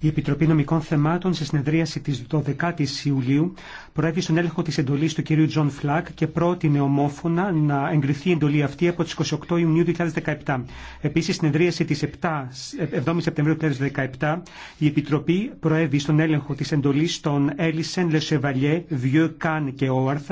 Η Επιτροπή Νομικών Θεμάτων σε συνεδρίαση της 12 η Ιουλίου προέβη στον έλεγχο της εντολής του κυρίου Τζον Φλακ και πρότεινε ομόφωνα να εγκριθεί η εντολή αυτή από τις 28 Ιουνίου 2017. Επίσης, συνεδρίαση της 7, 7 Σεπτεμβρίου 2017 η Επιτροπή προέβη στον έλεγχο της εντολής των Έλισεν, Λεσεβαλιέ, Βιού Καν και Όαρθ